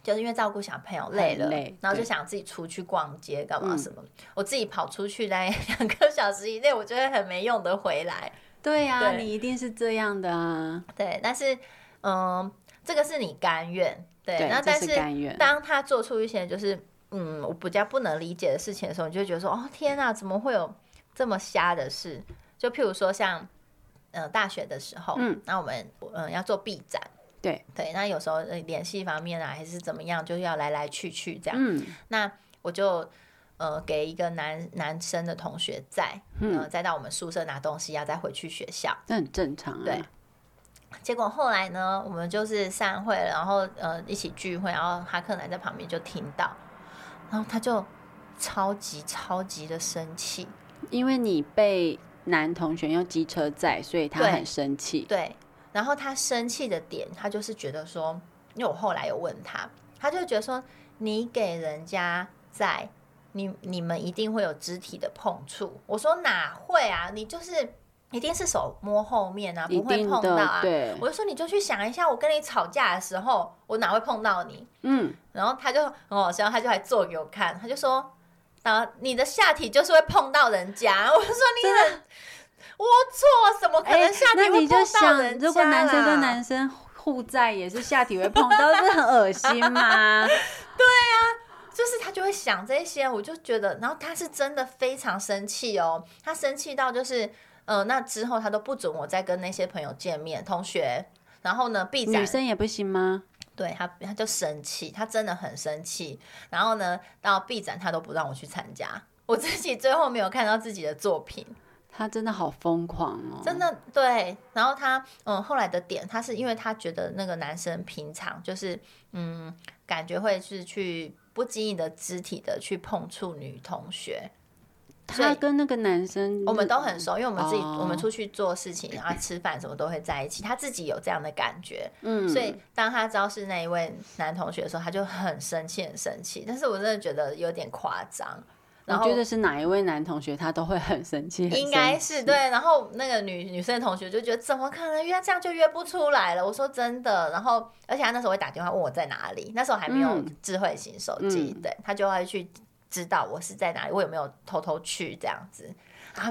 Speaker 1: 就是因為照顧小朋友累了累，然後就想自己出去逛街幹嘛什麼、嗯。我自己跑出去嘞，兩個小時以內，我就會很沒用的回來。對呀、啊，你一定是這樣的啊。對，但是嗯，這個是你甘願，對，那但是，是當他做出一些就是嗯，我比較不能理解的事情的時候，你就會覺得說哦，天哪、啊，怎麼會有這麼瞎的事？就譬如說像嗯、呃，大學的時候，嗯，那我們嗯、呃、要做畢展。對對，那有時候、呃、聯繫方面啊，還是怎麼樣，就要來來去去這樣。嗯、那我就呃給一個男男生的同學載，呃，嗯再到我們宿舍拿東西、啊，要再回去學校，
Speaker 2: 那很正常啊。對，
Speaker 1: 結果後來呢，我們就是散會然後呃一起聚會，然後哈克蘭在旁邊就聽到，
Speaker 2: 然後他就
Speaker 1: 超級超級的生氣，
Speaker 2: 因為你被男同學用機車載，所以他很生氣。對。對
Speaker 1: 然後他生氣的點，他就是覺得說，因為我後來有問他，他就覺得說，你給人家載你你們一定會有肢體的碰觸。我說哪會啊？你就是一定是手摸後面啊，不會碰到啊，對。我就說你就去想一下，我跟你吵架的時候，我哪會碰到你？嗯。然後他就很好笑，他就還做給我看，他就說啊，你的下體就是會碰到人家。 我就說你的。我錯，怎麼可能下體會碰到人、欸？如果男生跟男
Speaker 2: 生互在也是下體會碰到，不 是
Speaker 1: 很惡心嗎？ 對啊，就是他就會想這些，我就覺得，然後他是真的非常生氣哦，他生氣到就是，嗯、呃，那之後他都不准我再跟那些朋友見面、同學，然後呢，畢展女生也不行嗎？對他，他就生氣，他真的很生氣，然後呢，到畢展他都不讓我去參加，我自己最後沒有看到自己的作品。他真的好瘋狂哦！真的對，然後他嗯，後來的點，他是因為他覺得那個男生平常就是嗯，感覺會是去不經意的肢體的去碰觸女同學，
Speaker 2: 他跟那個男生我們都很熟，因為我們自己、哦、我們出去
Speaker 1: 做事情然後吃飯什麼都會在一起，他自己有這樣的感覺，嗯，所以當他知道是那一位男同學的時候，他就很生氣很生氣，但是我真的覺得有點誇張。然後覺得是
Speaker 2: 哪一位男同學，他都會很生氣，應該
Speaker 1: 是對。然後那個女女生的同學就覺得，怎麼可能他這樣就約不出來了？我說真的。然後而且他那時候會打電話問我在哪裡，那時候還沒有智慧型手機、嗯，對，他就會去知道我是在哪裡，我有沒有偷偷去這樣子。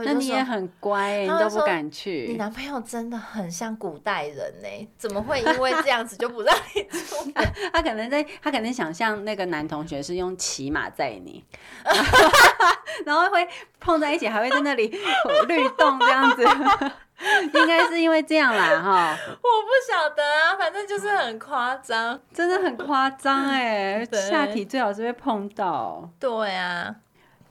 Speaker 1: 那你也很乖，你都不敢去。你男朋友真的很像古代人哎、欸，怎麼會因為這樣子就不讓你出
Speaker 2: 門、？ 啊？他可能在，他可能想象那個男同學是用騎馬載你， 然後會碰在一起，還會在那裡律動、 哦、這樣子。
Speaker 1: 應該是因為這樣啦哈。我不曉得啊，反正就是很誇張，真的很誇張哎。對。下體最
Speaker 2: 好是會碰到。
Speaker 1: 對啊。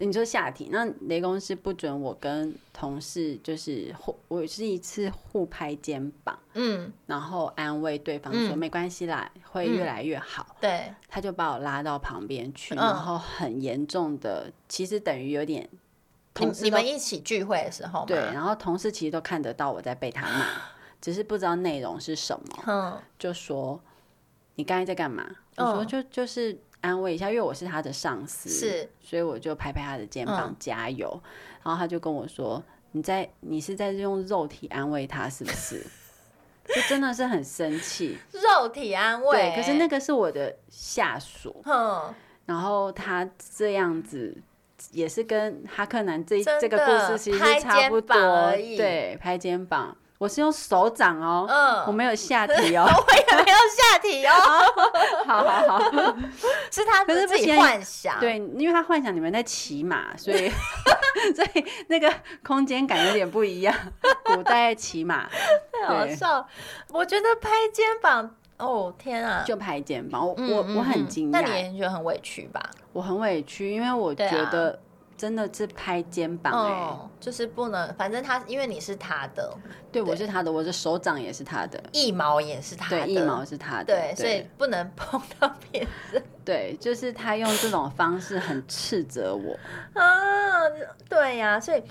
Speaker 2: 你說下體，那雷公是不准我跟同事，就是互，我是一次互拍肩膀，嗯，然後安慰對方說沒關係啦，嗯，會越來越好，嗯。對，他就把我拉到旁邊去，然後很嚴重的，嗯，其實等於有點
Speaker 1: 同事你，你們一起聚會的時候，對，然
Speaker 2: 後同事其實都看得到我在被他罵，只是不知道內容是什麼，嗯，就說你剛才在幹嘛？嗯。我說就就是。安慰一下，因為我是他的上司，是，所以我就拍拍他的肩膀，加油、嗯。然後他就跟我說：“你在，你是在用肉體安慰他，是不是？” 就真的是很生氣，
Speaker 1: 肉體安慰、欸。對，可是那
Speaker 2: 個是我的下屬、嗯。然後他這樣子也是跟哈克南這這個故事其實差不多，對，拍肩膀。我是用手掌哦，嗯，我沒有下體哦， 我也沒
Speaker 1: 有下體哦。 好好好， 是他自己幻想，對，
Speaker 2: 因為他幻想你們在騎馬，所以 所以那個空間感有點不一樣，古代騎馬。
Speaker 1: 好笑，我覺得拍肩膀，哦天啊，就
Speaker 2: 拍肩膀，我嗯嗯嗯我很驚訝，那你也覺得很委屈吧？我很委屈，因為我覺得。對啊。真的是拍肩膀、欸，哎、oh,，就是
Speaker 1: 不能，反正他因為你是他的對，對，我是他的，我的手掌也是他
Speaker 2: 的，一毛也是他的，對，一毛是他的對，對，所以不能碰到別人。對，
Speaker 1: 就是他用這種
Speaker 2: 方式很斥責我、
Speaker 1: oh, 啊，對呀，所以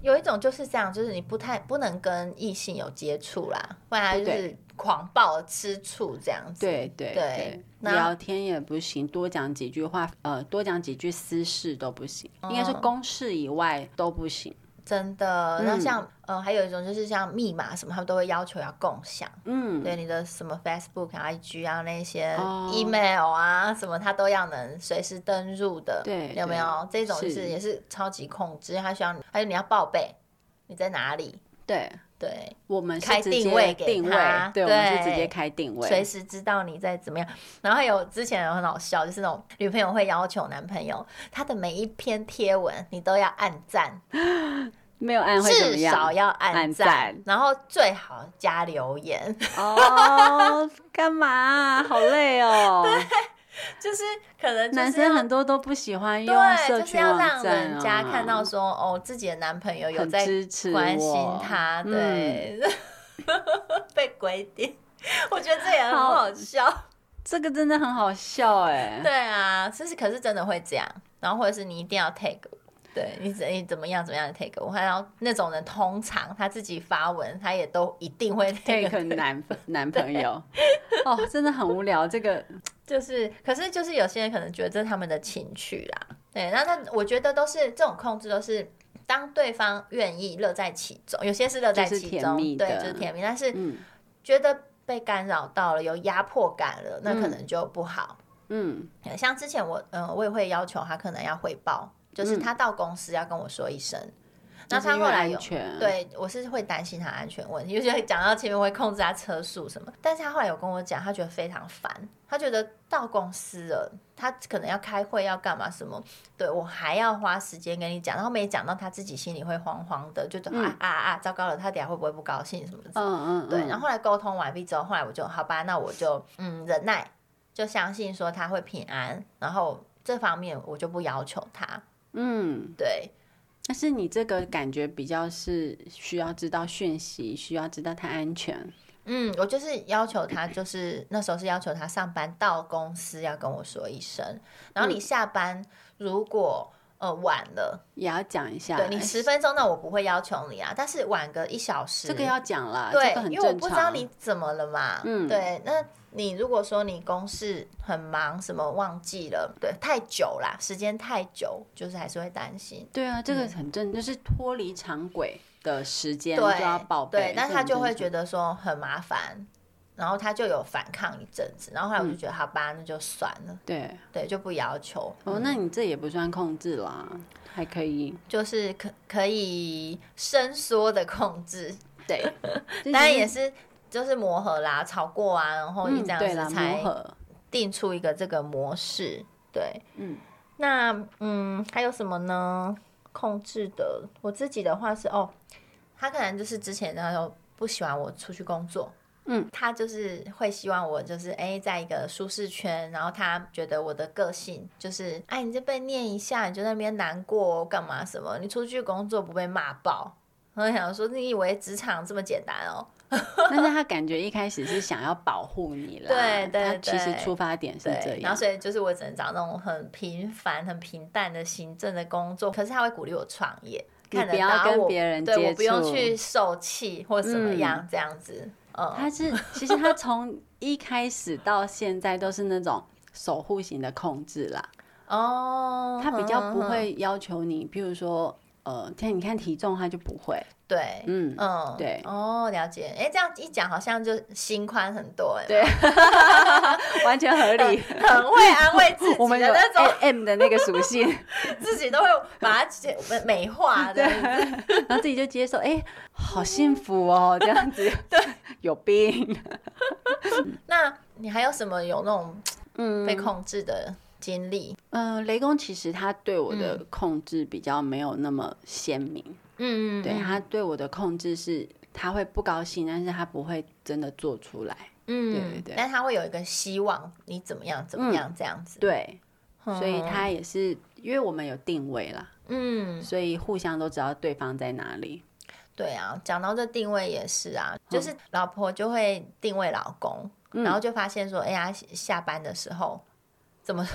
Speaker 1: 有一種就是這樣，就是你不太不能跟異性有接觸啦，不然就是對對。狂暴、吃醋這樣子，對
Speaker 2: 對對，對那聊天也不行，多講幾句話，呃，多講幾句私事都不行，嗯、應該是公
Speaker 1: 事以外都不行。真的，嗯、那像呃，還有一種就是像密碼什麼，他們都會要求要共享。嗯，對，你的什麼 Facebook、啊、IG 啊那些、哦、email 啊什麼，他都要能隨時登入的。對，有沒有這種就是也是超級控制。他需要，還有你要報備，你在哪裡？對。
Speaker 2: 對我們開定位，給他，對，我們是直接開定位，隨時
Speaker 1: 知道你在怎麼樣。然後有之前有很好笑，就是那種女朋友會要求男朋友，他的每一篇貼文你都要按讚，
Speaker 2: 沒有按會怎麼樣？至少要按讚，
Speaker 1: 然後最好加留言。哦，幹 嘛、啊？好累哦。對就是可能是男生很多
Speaker 2: 都不喜歡用社群，社就是要讓人家看
Speaker 1: 到說哦，哦，自己的男朋友有在支持關心他，對，嗯、 被規定。我覺得這也很好笑，好這個真的很好笑哎，對啊，就是可是真的會這樣，然後或者是你一定要 take，對你怎你怎麼樣怎麼樣的 take，我看到那種人通常他自己發文，他也都一定會 take, take 男男朋友，哦，真的很無聊這個。就是，可是就是，有些人可能覺得這是他們的情趣啦。對，那那我覺得都是這種控制，都是當對方願意樂在其中，有些是樂在其中，就是甜蜜的，對，就是甜蜜。但是覺得被干擾到了，有壓迫感了，那可能就不好。嗯，像之前我，嗯、呃，我也會要求他可能要匯報，就是他到公司要跟我說一聲。嗯嗯那他後來有對我是會擔心他安全問題，尤其講到前面會控制他車速什麼。但是他後來有跟我講，他覺得非常煩，他覺得到公司了，他可能要開會要幹嘛什麼，對我還要花時間跟你講，然後沒講到他自己心裡會慌慌的，就啊啊、嗯、啊，糟糕了，他等下會不會不高興什麼的。嗯嗯，對。然後後來溝通完畢之後，後來我就好吧，那我就嗯忍耐，就相信說他會平安，然後這方面我就不要求他。嗯，
Speaker 2: 對。但是你這個感覺比較是需要知道訊息，需要知道他安全。嗯，
Speaker 1: 我就是要求他，就是那時候是要求他上班到公司要跟我說一聲，然後你下班如果、嗯、呃晚了也要講一下。對，你十分鐘那我不會要求你啊，哎、但是晚個一小時這個要講了，對、這個很正常，因為我不知道你怎麼了嘛，嗯，對，那。你如果說你公事很忙，什麼忘記了，對，太久啦，時間太久，就是還是會擔心。
Speaker 2: 對啊、嗯，這個很正，就是脫離常軌
Speaker 1: 的時間就要報備。對，那他就會覺得說很麻煩，然後他就有反抗一陣子，然後後來我就覺得好吧，那就算了。對、嗯，對，就不要求。哦，嗯 oh, 那你
Speaker 2: 這也不算控制啦，
Speaker 1: 還可以，就是可可以伸縮的控制。對，當 然也是。 就是磨合啦，吵過啊，然後你這樣子才定出一個這個模式，嗯、對、對。嗯，那嗯，還有什麼呢？控制的，我自己的話是哦，他可能就是之前他就不喜歡我出去工作，嗯，他就是會希望我就是誒、欸，在一個舒適圈，然後他覺得我的個性就是哎，你這邊念一下，你就那邊難過哦，幹嘛什麼？你出去工作不被罵爆？我想說，你以為職場這麼簡單哦？
Speaker 2: 但是他感覺一開始是想要保護你了，對對、對他其實出發點是這樣，然後
Speaker 1: 所以就是我只能找那種很平凡、很平淡的行政的工作，可是他會鼓勵我創業看，你不要跟別人接觸，對，我不用去受氣
Speaker 2: 或怎麼樣，這
Speaker 1: 樣子，他、嗯嗯、
Speaker 2: 是其實他從一開始到現在都是那種守護型的控制啦，
Speaker 1: 哦，他比較不會
Speaker 2: 要求你，譬如說。呃，天你看體重他就不會。對，嗯嗯，對，
Speaker 1: 哦，了解。哎、欸，這樣一講好像就心寬很多哎、欸。對，
Speaker 2: 完全合理。 很會安慰自己的那種 M 的那個屬性，
Speaker 1: 自己都會把它直接美化這樣子，對， 然後自己就接受。哎、欸，
Speaker 2: 好幸福哦， 這樣子。對，有病。
Speaker 1: 那你還有什麼有那種被控制的？嗯經歷，嗯、呃，雷公其實他對我的
Speaker 2: 控制比較沒有那麼鮮明，
Speaker 1: 嗯，對，他
Speaker 2: 對我的控制是他會不高興，但是他不會真的做出來，嗯，對對
Speaker 1: 對，但他會有一個希望你怎麼樣怎麼樣這樣子，嗯、對呵呵，所以他也
Speaker 2: 是因為我們有定位啦，嗯，所以互相都知道對方在哪裡，
Speaker 1: 對啊，講到這定位也是啊、嗯，就是老婆就會定位老公，嗯、然後就發現說，哎、欸、呀，下班的時候。怎麼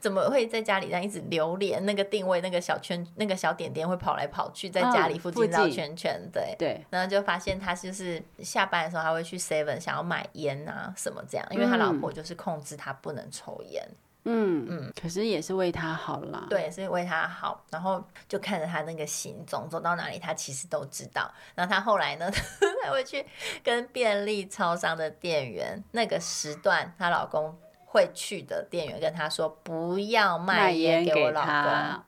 Speaker 1: 怎麼會在家裡這樣一直流連？那個定位，那個小圈，那個小點點會跑來跑去，在家裡附近繞圈圈。對對，然後就發現他是就是下班的時候，他會去 Seven 想要買菸啊什麼這樣，因為他老婆就是控制他不能抽菸。
Speaker 2: 嗯嗯，嗯，
Speaker 1: 可是也是為他好啦。對，是為他好。然後就看着他那個行蹤，走到哪裡他其實都知道。然後他後來呢， 他會去跟便利超商的店員，那個時段他老公。會去的店員跟他說：“不要賣煙給我老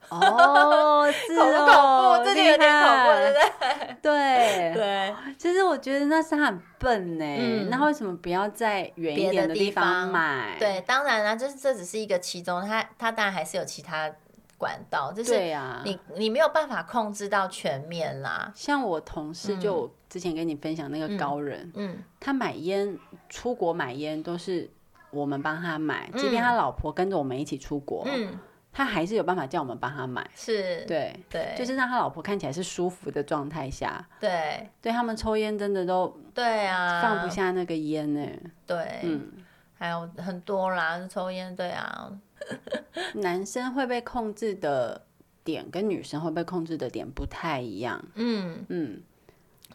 Speaker 1: 公。”哦，恐不恐怖？這 個有點恐怖，對不 對？對對，其實我覺得那是他很笨呢。那、嗯、為什麼
Speaker 2: 不要在遠一點的地方買？方對，
Speaker 1: 當然了、啊，就是這只是一個其中，他他當然還是有其他管道，就是對呀，你、啊、你沒有辦法控制到全面啦。
Speaker 2: 像我同事就我之前跟你分享那個高人，嗯，嗯嗯他買煙出國買煙都是。我們幫他買，即便他老婆跟着我們一起出國，嗯嗯，他還是有辦法叫我們幫他買。是，對對，就是讓他老婆看起來是舒服的狀態下。對對，他們抽煙真的都對啊，放不下那個煙呢，欸。對，啊，嗯對，還有很
Speaker 1: 多啦，抽煙。對啊，
Speaker 2: 男生會被控制的點跟女生會被控制的點不太一樣。嗯嗯。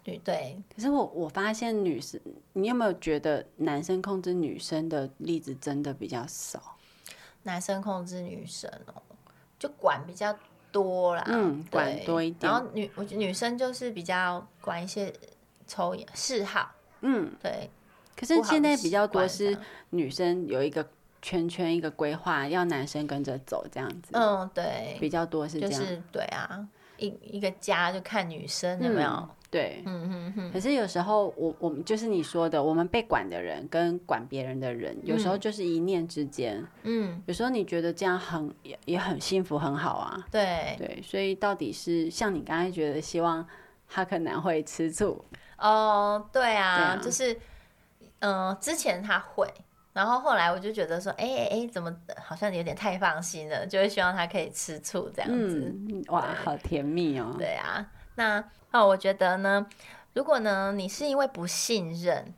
Speaker 2: 對對，可是我我發現女生，你有沒有覺得男生控制女生的例子真的比較少？
Speaker 1: 男生控制女生哦、喔，就管比較多啦。嗯，管多一點。然後女，我覺得女生就是比較管一些抽菸嗜好，嗯，對。可是現在比較多是
Speaker 2: 女生有一個圈圈，一個規劃，要男生跟着走這樣子，
Speaker 1: 嗯，對，比
Speaker 2: 較多是這樣，就是、
Speaker 1: 對啊，一一個家就看女生有沒有、嗯。對，嗯嗯嗯。可
Speaker 2: 是有時候我，我我們就是你說的，我們被管的人跟管別人的人，嗯，有時候就是一念之間，嗯。有時候你覺得這樣很也，也很幸福，很好啊。對對，所以到底是像你剛才覺得，希望他可能會吃醋。
Speaker 1: 哦，對啊，對啊，就是，嗯、呃，之前他會，然後後來我就覺得說，哎、欸、哎、欸，怎麼好像你有點太放心了，就會希望他可以吃醋這樣子。嗯、哇，
Speaker 2: 好甜蜜哦，喔。對啊。
Speaker 1: 那啊，哦，我覺得呢，如果呢，你是因為不信任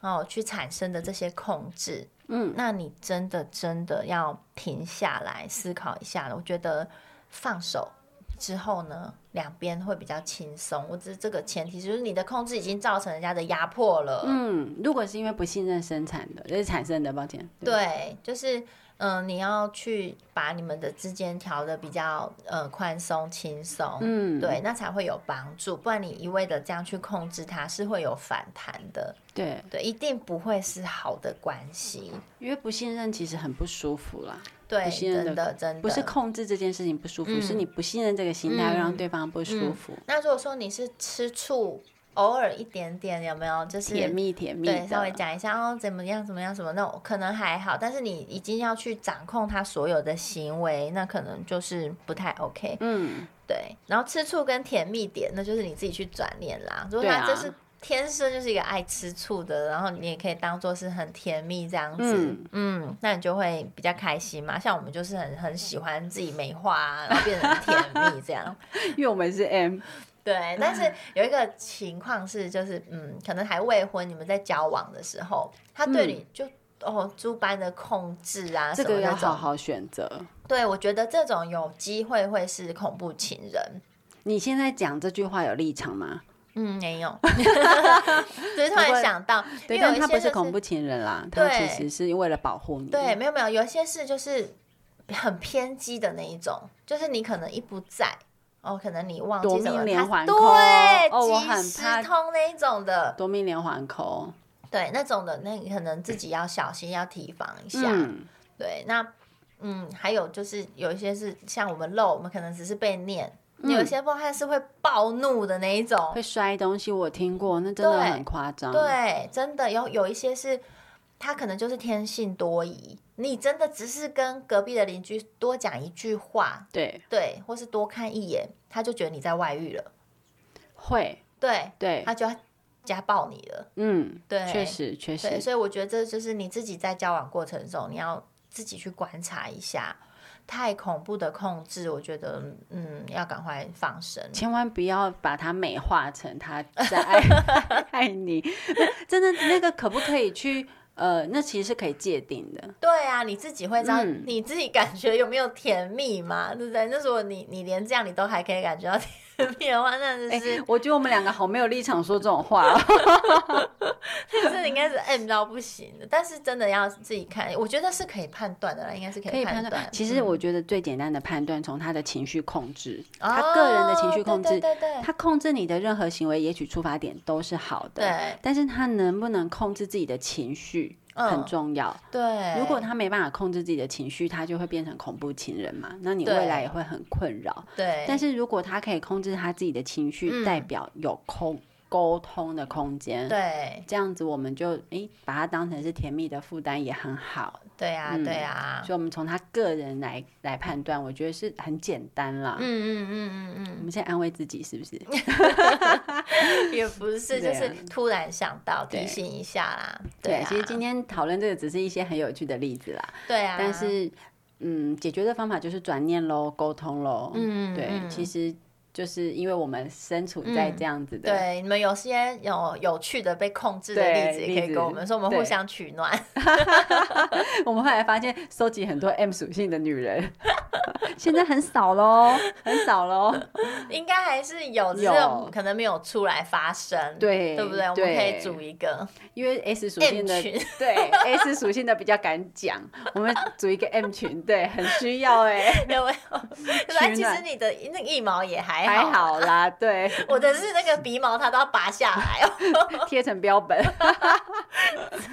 Speaker 1: 哦去產生的這些控制，嗯，那你真的真的要停下來思考一下了。我覺得放手之後呢，兩邊會比較輕鬆。我只是這個前提，就是你的控制已經造成人家的壓迫了。嗯，
Speaker 2: 如果是因為不信任生產的，就是產生的，抱歉。
Speaker 1: 對，對，就是。嗯，你要去把你們的之間調得比較呃寬鬆輕鬆，嗯，對，那才會有幫助。不然你一味的這樣去控制它，它是會有反彈的。對對，一定不會是好的關係，因為不
Speaker 2: 信任其實很不舒服啦。對，的真的真的不是控制這件事情不舒服，嗯、是你不信任這個心態，讓對方不舒服、嗯嗯。
Speaker 1: 那如果說你是吃醋。偶爾一點點有沒有？就是甜蜜甜蜜，對，稍微講一下哦，怎麼樣怎麼樣什麼？那我可能還好，但是你已經要去掌控他所有的行為，那可能就是不太 OK。嗯，對。然後吃醋跟甜蜜點，那就是你自己去轉念啦。如果他就是、啊、天生就是一個愛吃醋的，然後你也可以當做是很甜蜜這樣子嗯。嗯，那你就會比較開心嘛。像我們就是很很喜歡自己美化、啊，然後變成甜蜜這樣， 因為我們是 M。對，但是有一個情況是，就是，就是嗯，可能還未婚，你們在交往的時候，他對你就、嗯、哦，諸般的控制啊什麼，這個要好
Speaker 2: 好選擇。
Speaker 1: 對，我覺得這種有機會會是恐怖情人。
Speaker 2: 你現在講這句話有立場嗎？
Speaker 1: 嗯，沒有，只 是突然想到，因為、就是、他不是
Speaker 2: 恐怖情人啦，他其實是為了保護
Speaker 1: 你。對，沒有沒有，有些事就是很偏激的那一種，就是你可能一不在。哦，可能你忘記了他，對哦，即時通哦，我很怕那一種的奪命
Speaker 2: 連環扣，
Speaker 1: 對那種的，那你可能自己要小心，要提防一下。嗯、對，那嗯，還有就是有一些是像我們漏，我們可能只是被念，嗯、有一些暴漢是會暴怒的那一種，會摔東西。我聽過，那真的很誇張。對，真的有有一些是他可能就是天性多疑。你真的只是跟隔壁的鄰居多講一句話，對對，或是多看一眼，他就覺得你在外遇了，會，對對，他就要家暴你了，
Speaker 2: 嗯，對，確實確實，所以
Speaker 1: 我覺得這就是你自己在交往過程中，你要自己去觀察一下，太恐怖的控制，我覺得，嗯，要趕快放生，千萬
Speaker 2: 不要把它美化成他在愛 愛你，真的那個可不可以去？呃，那其實是可以界定的。
Speaker 1: 對啊，你自己會知道、嗯、你自己感覺有沒有甜蜜嘛？對不對？那如果你你連這樣你都還可以感覺到甜蜜的話，那真、
Speaker 2: 就是、欸……我覺得我們兩個好沒有立場說這種話。
Speaker 1: 哦。這 應該是 M 到、欸、不,不行的，但是真的要自己看，我覺得是可以判斷的啦，應該是可以判斷。其實我
Speaker 2: 覺得最簡單的判斷，從他的情緒控制、哦，他個人的情緒控制，對對,對對，他控制你的任何行為，也許出發點都是好的，對。但是他能不能控制自己的情緒？嗯，很重要。
Speaker 1: 對，如果
Speaker 2: 他沒辦法控制自己的情緒，他就會變成恐怖情人嘛。那你未來也會很困擾。對，但是如果他可以控制他自己的情緒，嗯，代表有空。溝通的空間，對，這樣子我們就誒、欸、把它當成是甜蜜的負擔也很好，對啊、嗯，對啊，所以我們從他個人來來判斷，我覺得是很簡單啦。嗯嗯嗯嗯嗯，我們先安慰自己是不是？
Speaker 1: 也不是、啊，就是突然想到提醒一下啦。對，對、啊。對，其
Speaker 2: 實今天討論這個只是一些很有趣的例子啦。
Speaker 1: 對啊。但是，
Speaker 2: 嗯，解決的方法就是轉念嘍，溝通嘍。嗯嗯，對，嗯、其實。就是因為我們身處在這樣子的，嗯、對，
Speaker 1: 你們有些有有趣的被控制的例子，也可以跟我們說，我們互相取暖。 我
Speaker 2: 們後來發現，收集很多 M 屬性的女人， 現在很少嘍，很少
Speaker 1: 嘍，應該還是有，有只是可能沒有出來發聲。對，對不對？我們可以組一個、
Speaker 2: M，因為 S 屬性的，對 S 屬 性的比較敢講，我們組一個 M 群，對，很需要哎、欸，有沒有
Speaker 1: 對，其實你的那一、個、毛也還。還好啦，
Speaker 2: 對， 我的
Speaker 1: 是那個鼻毛，它都要拔下來、哦，貼
Speaker 2: 成標本，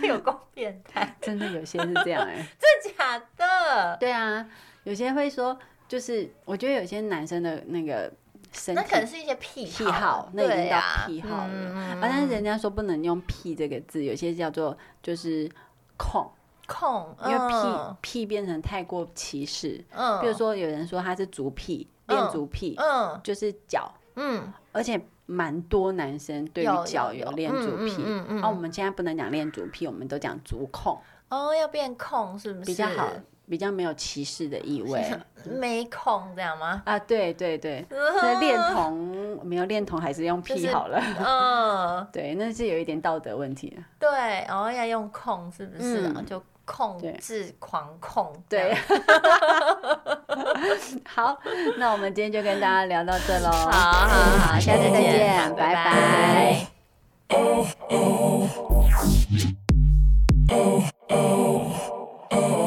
Speaker 1: 有夠變
Speaker 2: 態，真的有些是這樣哎、欸，
Speaker 1: 真 假的？
Speaker 2: 對啊，有些會說，就是我覺得有些男生的那個身體，那可能是一些
Speaker 1: 癖好癖好，那已經到癖好了。啊,啊、嗯，但人
Speaker 2: 家說不能用“癖”這個字，有些叫做就是控
Speaker 1: “控控”，因為癖、嗯“
Speaker 2: 癖癖”變成太過歧視。嗯，比如說有人說他是“足癖”。戀足癖，嗯，就是腳，嗯，而且蠻多男生對於腳有戀足癖，啊，嗯嗯嗯、我們現在不能講戀足癖，嗯，嗯嗯、我們講戀足癖，我們都講足
Speaker 1: 控，哦，要變控是不是比較好？
Speaker 2: 比較沒有歧視的意味， 就是，
Speaker 1: 沒控這樣嗎？啊，對對對，那，啊、戀童沒有戀
Speaker 2: 童還是用癖，就是，好了，嗯， 對，那是有一點道德問題，
Speaker 1: 對，哦，要用控是不是，啊，嗯？就控制狂控，對。對 好，那我們今天就
Speaker 2: 跟大家聊到這嘍。 好好好，下次再見，拜拜。拜拜。